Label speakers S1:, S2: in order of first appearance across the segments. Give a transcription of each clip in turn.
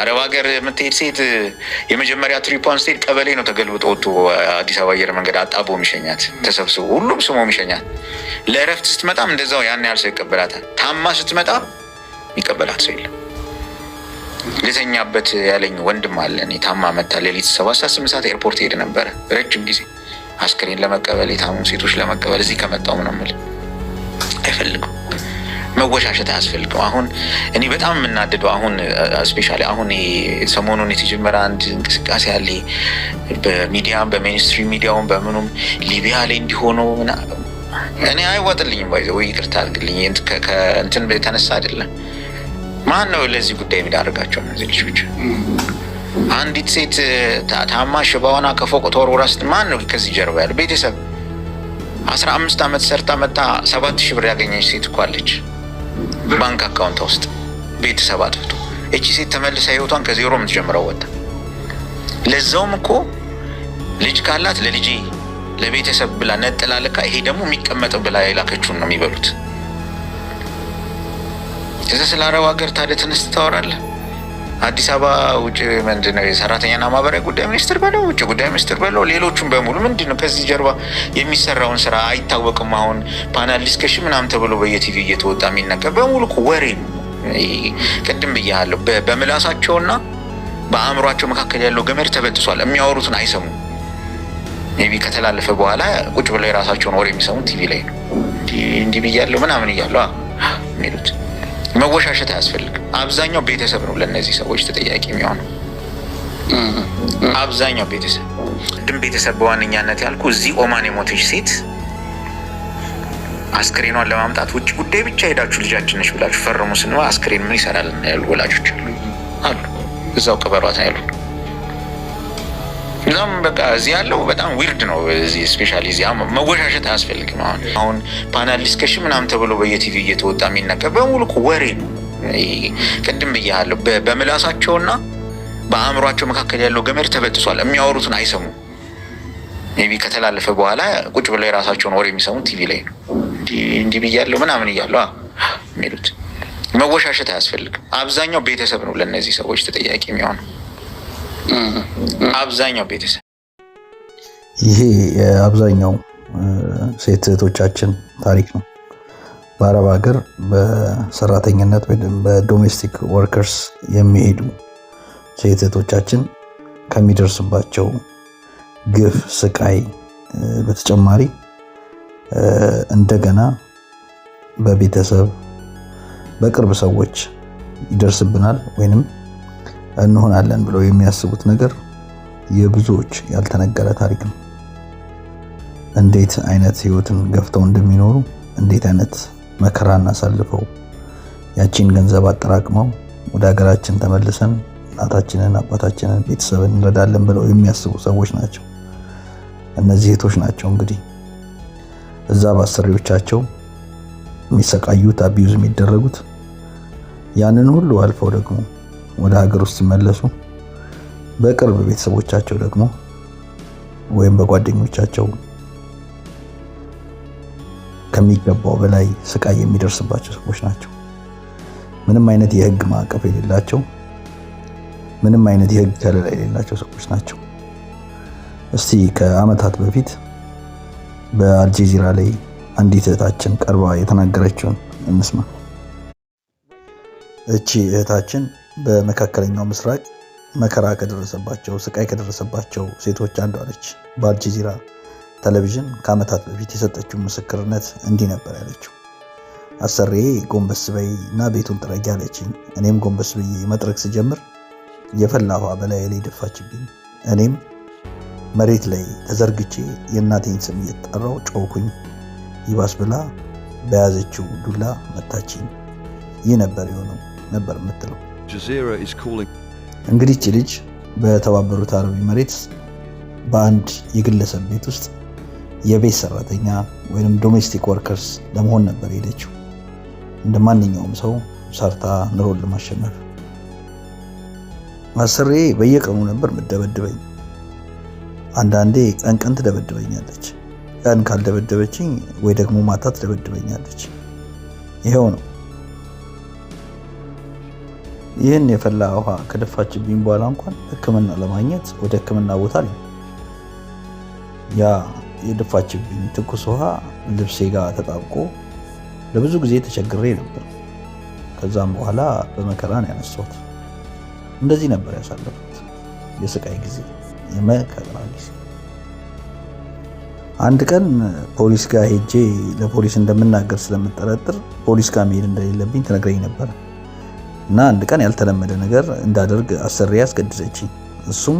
S1: አረብ ሀገር የምትሄድ ሴት የመጀመሪያ ትሪፖን ስቴድ ቀበሌ ነው ተገልብጦ ወጥቶ አዲስ አበባ አየር መንገድ አጣቦ ሚሸኛት ተሰብስቦ ሁሉም ስሞ ሚሸኛት። ለእረፍት ስትመጣም እንደዛው ያን ያህል ሰው ይቀበላታል። ታማ ስትመጣ ይቀበላት ሰው የለም። ልተኛበት ያለኝ ወንድም አለ። እኔ ታማ መታ ሌሊት ሰባት ሰዓት ስምንት ሰዓት ኤርፖርት ሄድ ነበረ ረጅም ጊዜ አስክሬን ለመቀበል የታሙ ሴቶች ለመቀበል እዚህ ከመጣው ምን ምል አይፈልግም መወሻሸት አያስፈልግም። አሁን እኔ በጣም የምናደደው አሁን ስፔሻሊ አሁን ሰሞኑን የተጀመረ አንድ እንቅስቃሴ አለ በሚዲያም በሜንስትሪም ሚዲያውም በምኑም ሊቢያ ላይ እንዲሆነው እኔ አይዋጥልኝም። ይዘ ወይ ይቅርታ አድርግልኝ እንትን የተነሳ አይደለም። ማን ነው ለዚህ ጉዳይ የሚዳርጋቸው እነዚህ ልጆች? አንዲት ሴት ታማ ሽባዋን ከፎቅ ተወርውራ ስት ማን ነው ከዚህ ጀርባ ያለ ቤተሰብ? አስራ አምስት ዓመት ሰርታ መታ ሰባት ሺህ ብር ያገኘች ሴት እኮ አለች። ባንክ አካውንት ውስጥ ቤተሰብ አጥፍቶ እቺ ሴት ተመልሳ ህይወቷን ከዜሮ የምትጀምረው ወጣ። ለዛውም እኮ ልጅ ካላት ለልጄ ለቤተሰብ ብላ ነጥላልካ ይሄ ደግሞ የሚቀመጠው ብላ የላከችውን ነው የሚበሉት። እዛ ስለ አረብ ሀገር ታዲያ ትንሽ ታወራለህ። አዲስ አበባ ውጭ ምንድን ነው የሰራተኛና ማህበራዊ ጉዳይ ሚኒስትር በለው ውጭ ጉዳይ ሚኒስትር በለው ሌሎቹም በሙሉ ምንድን ነው ከዚህ ጀርባ የሚሰራውን ስራ አይታወቅም። አሁን ፓናል ዲስከሽን ምናምን ተብሎ በየቲቪ እየተወጣ የሚነገር በሙሉ ወሬ ነው። ቅድም ብያለሁ፣ በምላሳቸውና በአእምሯቸው መካከል ያለው ገመድ ተበጥሷል። የሚያወሩትን አይሰሙም። ቢ ከተላለፈ በኋላ ቁጭ ብለው የራሳቸውን ወሬ የሚሰሙት ቲቪ ላይ ነው። እንዲህ ብያለሁ ምናምን እያለሁ የሚሉት መወሻሸት አያስፈልግም። አብዛኛው ቤተሰብ ነው ለእነዚህ ሰዎች ተጠያቂ የሚሆነው አብዛኛው ቤተሰብ ድም ቤተሰብ በዋነኛነት ያልኩ እዚህ ኦማን የሞተች ሴት አስክሬኗን ለማምጣት ውጭ ጉዳይ ብቻ ሄዳችሁ ልጃችን ነች ብላችሁ ፈርሙ ስንባ አስክሬን ምን ይሰራል ያሉ ወላጆች አሉ አሉ እዛው ቅበሯት ያሉ እናም በቃ እዚህ ያለው በጣም ዊርድ ነው። እዚህ ስፔሻሊ እዚህ መወሻሸት አያስፈልግም። አሁን አሁን ፓናል ዲስከሽን ምናምን ተብሎ በየቲቪ እየተወጣ የሚነገር በሙሉ ወሬ ነው። ቅድም ብያለሁ፣ በምላሳቸውና በአእምሯቸው መካከል ያለው ገመድ ተበጥሷል። የሚያወሩትን አይሰሙም። ቢ ከተላለፈ በኋላ ቁጭ ብለው የራሳቸውን ወሬ የሚሰሙት ቲቪ ላይ ነው። እንዲህ ብያለሁ ምናምን እያለሁ የሚሉት መወሻሸት አያስፈልግም። አብዛኛው ቤተሰብ ነው ለእነዚህ ሰዎች ተጠያቂ የሚሆነው። አብዛኛው ቤተሰብ
S2: ይሄ የአብዛኛው ሴት እህቶቻችን ታሪክ ነው። በአረብ ሀገር በሰራተኝነት ወይም በዶሜስቲክ ወርከርስ የሚሄዱ ሴት እህቶቻችን ከሚደርስባቸው ግፍ፣ ስቃይ በተጨማሪ እንደገና በቤተሰብ በቅርብ ሰዎች ይደርስብናል ወይንም እንሆናለን ብለው የሚያስቡት ነገር የብዙዎች ያልተነገረ ታሪክ ነው። እንዴት አይነት ህይወትን ገፍተው እንደሚኖሩ፣ እንዴት አይነት መከራን አሳልፈው ያቺን ገንዘብ አጠራቅመው ወደ ሀገራችን ተመልሰን እናታችንን አባታችንን ቤተሰብን እንረዳለን ብለው የሚያስቡ ሰዎች ናቸው። እነዚህ እህቶች ናቸው እንግዲህ እዛ በአሰሪዎቻቸው የሚሰቃዩት አቢዩዝ የሚደረጉት ያንን ሁሉ አልፈው ደግሞ ወደ ሀገር ውስጥ ሲመለሱ በቅርብ ቤተሰቦቻቸው ደግሞ ወይም በጓደኞቻቸው ከሚገባው በላይ ስቃይ የሚደርስባቸው ሰዎች ናቸው። ምንም አይነት የህግ ማዕቀፍ የሌላቸው፣ ምንም አይነት የህግ ከለላ የሌላቸው ሰዎች ናቸው። እስቲ ከአመታት በፊት በአልጀዚራ ላይ አንዲት እህታችን ቀርባ የተናገረችውን እንስማ። እቺ እህታችን በመካከለኛው ምስራቅ መከራ ከደረሰባቸው ስቃይ ከደረሰባቸው ሴቶች አንዷ ነች። በአልጀዚራ ቴሌቪዥን ከዓመታት በፊት የሰጠችው ምስክርነት እንዲህ ነበር ያለችው። አሰሬ ጎንበስ በይ እና ቤቱን ጥረጊ አለችኝ። እኔም ጎንበስ ብዬ መጥረግ ስጀምር የፈላ ውሃ በላይ ላይ ደፋችብኝ። እኔም መሬት ላይ ተዘርግቼ የእናቴን ስም እየጠራው ጮኩኝ። ይባስ ብላ በያዘችው ዱላ መታችኝ። ይህ ነበር የሆነው ነበር የምትለው እንግዲህ እቺ ልጅ በተባበሩት አረብ ኤምሬትስ በአንድ የግለሰብ ቤት ውስጥ የቤት ሰራተኛ ወይም ዶሜስቲክ ወርከርስ ለመሆን ነበር የሄደችው። እንደ ማንኛውም ሰው ሰርታ ኑሮን ለማሸነፍ። አሰሬ በየቀኑ ነበር ምደበድበኝ። አንዳንዴ ቀን ቀን ትደበድበኛለች፣ ቀን ካልደበደበችኝ ወይ ደግሞ ማታ ትደበድበኛለች። ይኸው ነው ይህን የፈላ ውሃ ከደፋችብኝ በኋላ እንኳን ህክምና ለማግኘት ወደ ህክምና ቦታ ላይ ያ የደፋችብኝ ትኩስ ውሃ ልብሴ ጋር ተጣብቆ ለብዙ ጊዜ ተቸግሬ ነበር። ከዛም በኋላ በመከራ ነው ያነሳሁት። እንደዚህ ነበር ያሳለፉት የስቃይ ጊዜ፣ የመከራ ጊዜ። አንድ ቀን ፖሊስ ጋር ሄጄ ለፖሊስ እንደምናገር ስለምጠረጥር ፖሊስ ጋር መሄድ እንደሌለብኝ ትነግረኝ ነበረ። እና አንድ ቀን ያልተለመደ ነገር እንዳደርግ አሰሪ ያስገድደች እሱም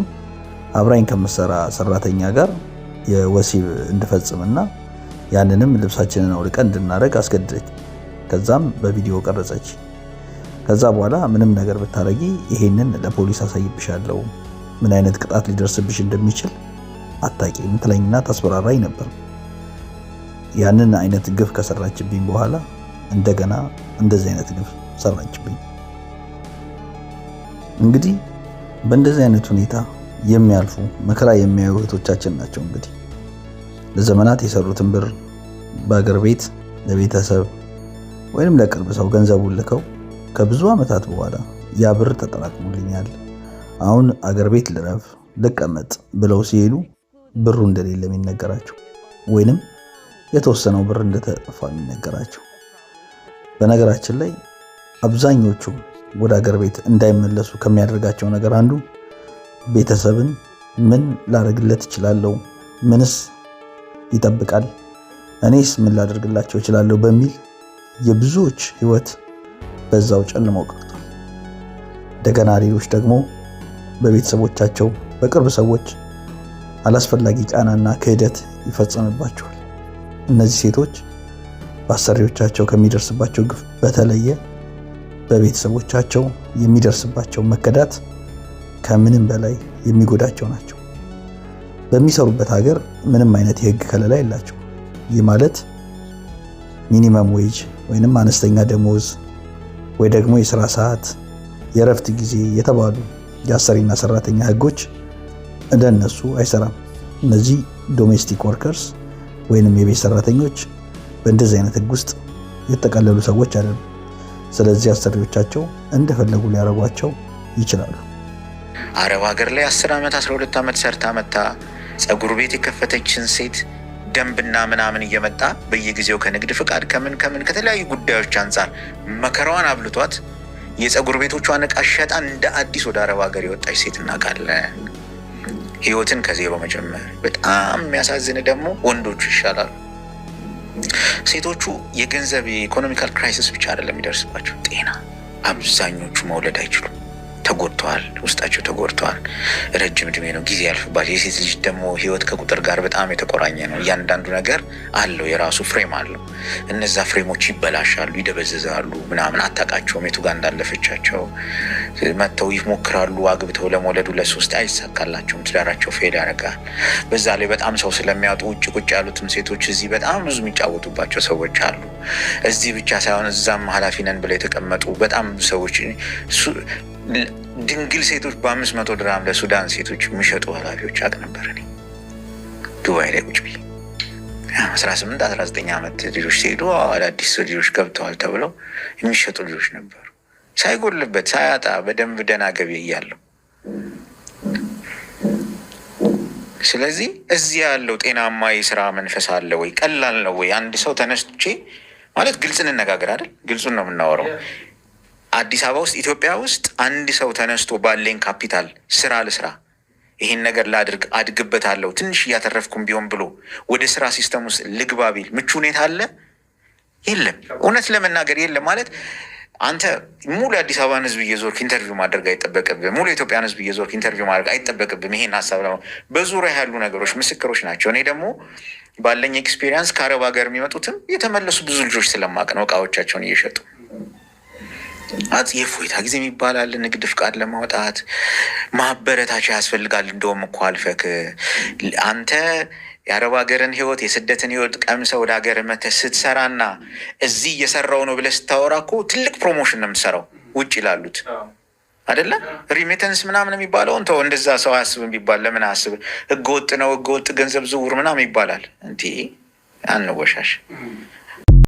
S2: አብራኝ ከምትሰራ ሰራተኛ ጋር የወሲብ እንድፈጽምና ያንንም ልብሳችንን አውልቀን እንድናደርግ አስገድደች። ከዛም በቪዲዮ ቀረጸች። ከዛ በኋላ ምንም ነገር ብታረጊ ይሄንን ለፖሊስ አሳይብሻለሁ፣ ምን አይነት ቅጣት ሊደርስብሽ እንደሚችል አታቂም ትለኝና ታስፈራራኝ ነበር። ያንን አይነት ግፍ ከሰራችብኝ በኋላ እንደገና እንደዚህ አይነት ግፍ ሰራችብኝ። እንግዲህ በእንደዚህ አይነት ሁኔታ የሚያልፉ መከራ የሚያዩ እህቶቻችን ናቸው። እንግዲህ ለዘመናት የሰሩትን ብር በአገር ቤት ለቤተሰብ ወይንም ለቅርብ ሰው ገንዘቡን ልከው ከብዙ ዓመታት በኋላ ያ ብር ተጠራቅሞልኛል፣ አሁን አገር ቤት ልረፍ ልቀመጥ ብለው ሲሄዱ ብሩ እንደሌለ የሚነገራቸው ወይንም የተወሰነው ብር እንደተጠፋ የሚነገራቸው። በነገራችን ላይ አብዛኞቹ ወደ ሀገር ቤት እንዳይመለሱ ከሚያደርጋቸው ነገር አንዱ ቤተሰብን ምን ላደርግለት እችላለሁ፣ ምንስ ይጠብቃል፣ እኔስ ምን ላደርግላቸው እችላለሁ በሚል የብዙዎች ህይወት በዛው ጨልሞ ቀርቷል። እንደገና ሌሎች ደግሞ በቤተሰቦቻቸው በቅርብ ሰዎች አላስፈላጊ ጫናና ክህደት ይፈጸምባቸዋል። እነዚህ ሴቶች በአሰሪዎቻቸው ከሚደርስባቸው ግፍ በተለየ በቤተሰቦቻቸው የሚደርስባቸው መከዳት ከምንም በላይ የሚጎዳቸው ናቸው። በሚሰሩበት ሀገር ምንም አይነት የህግ ከለላ የላቸው። ይህ ማለት ሚኒመም ዌጅ ወይንም አነስተኛ ደሞዝ ወይ ደግሞ የስራ ሰዓት፣ የእረፍት ጊዜ የተባሉ የአሰሪና ሰራተኛ ህጎች እንደነሱ አይሰራም። እነዚህ ዶሜስቲክ ወርከርስ ወይንም የቤት ሰራተኞች በእንደዚህ አይነት ህግ ውስጥ የተጠቀለሉ ሰዎች አይደሉም። ስለዚህ አሰሪዎቻቸው እንደፈለጉ ሊያረጓቸው ይችላሉ።
S1: አረብ ሀገር ላይ 10 ዓመት 12 ዓመት ሰርታ መታ ጸጉር ቤት የከፈተችን ሴት ደንብና ምናምን እየመጣ በየጊዜው ከንግድ ፍቃድ ከምን ከምን ከተለያዩ ጉዳዮች አንጻር መከራዋን አብልቷት የጸጉር ቤቶቿን እቃ ሸጣ እንደ አዲስ ወደ አረብ ሀገር የወጣች ሴት እናውቃለን። ህይወትን ከዜሮ መጀመር በጣም የሚያሳዝን ደግሞ ወንዶቹ ይሻላሉ። ሴቶቹ የገንዘብ የኢኮኖሚካል ክራይሲስ ብቻ አይደለም የሚደርስባቸው፣ ጤና አብዛኞቹ መውለድ አይችሉም። ተጎድተዋል፣ ውስጣቸው ተጎድተዋል። ረጅም እድሜ ነው፣ ጊዜ ያልፍባል። የሴት ልጅ ደግሞ ህይወት ከቁጥር ጋር በጣም የተቆራኘ ነው። እያንዳንዱ ነገር አለው፣ የራሱ ፍሬም አለው። እነዛ ፍሬሞች ይበላሻሉ፣ ይደበዘዛሉ፣ ምናምን አታቃቸውም የቱ ጋር እንዳለፈቻቸው። መጥተው ይሞክራሉ፣ አግብተው ለመውለዱ ለሶስት አይሳካላቸውም፣ ትዳራቸው ፌል ያደርጋል። በዛ ላይ በጣም ሰው ስለሚያወጡ ውጭ ቁጭ ያሉትም ሴቶች እዚህ በጣም ብዙ የሚጫወቱባቸው ሰዎች አሉ። እዚህ ብቻ ሳይሆን እዛም ኃላፊ ነን ብለው የተቀመጡ በጣም ሰዎች ድንግል ሴቶች በአምስት መቶ ድራም ለሱዳን ሴቶች የሚሸጡ ኃላፊዎች አቅ ነበር። እኔ ዱባይ ላይ ቁጭ አስራ ስምንት አስራ ዘጠኝ ዓመት ልጆች ሲሄዱ አዳዲስ ልጆች ገብተዋል ተብለው የሚሸጡ ልጆች ነበሩ። ሳይጎልበት ሳያጣ በደንብ ደህና ገቢ እያለው ስለዚህ እዚህ ያለው ጤናማ የስራ መንፈስ አለ ወይ? ቀላል ነው ወይ? አንድ ሰው ተነስቼ ማለት ግልጽ እንነጋገር አይደል? ግልጹን ነው የምናወራው። አዲስ አበባ ውስጥ ኢትዮጵያ ውስጥ አንድ ሰው ተነስቶ ባለኝ ካፒታል ስራ ልስራ፣ ይህን ነገር ላድርግ፣ አድግበታለሁ፣ ትንሽ እያተረፍኩም ቢሆን ብሎ ወደ ስራ ሲስተም ውስጥ ልግባ ቢል ምቹ ሁኔታ አለ? የለም። እውነት ለመናገር የለም። ማለት አንተ ሙሉ የአዲስ አበባን ህዝብ እየዞርክ ኢንተርቪው ማድረግ አይጠበቅብም። ሙሉ የኢትዮጵያን ህዝብ እየዞርክ ኢንተርቪው ማድረግ አይጠበቅብም። ይሄን ሀሳብ ለማ በዙሪያ ያሉ ነገሮች ምስክሮች ናቸው። እኔ ደግሞ ባለኝ ኤክስፔሪንስ ከአረብ ሀገር የሚመጡትም የተመለሱ ብዙ ልጆች ስለማቅ ነው እቃዎቻቸውን እየሸጡ የእፎይታ ጊዜም ይባላል። ንግድ ፍቃድ ለማውጣት ማበረታቻ ያስፈልጋል። እንደውም እኮ አልፈክ አንተ የአረብ ሀገርን ህይወት የስደትን ህይወት ቀምሰ ወደ ሀገር መተህ ስትሰራና እዚህ እየሰራው ነው ብለህ ስታወራ እኮ ትልቅ ፕሮሞሽን ነው የምትሰራው። ውጭ ላሉት አይደለ ሪሜተንስ ምናምን የሚባለው እንተው፣ እንደዛ ሰው አያስብም የሚባል ለምን አያስብ? ህገወጥ ነው ህገወጥ ገንዘብ ዝውውር ምናምን ይባላል። እንዲ አንወሻሽ